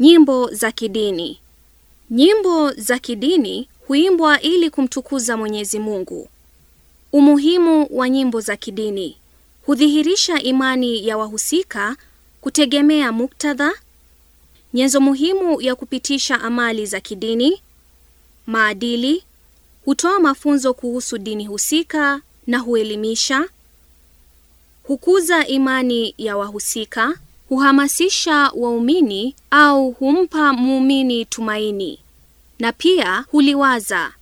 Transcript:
Nyimbo za kidini. Nyimbo za kidini huimbwa ili kumtukuza Mwenyezi Mungu. Umuhimu wa nyimbo za kidini hudhihirisha imani ya wahusika kutegemea muktadha, nyenzo muhimu ya kupitisha amali za kidini, maadili, hutoa mafunzo kuhusu dini husika na huelimisha, hukuza imani ya wahusika huhamasisha waumini au humpa muumini tumaini na pia huliwaza.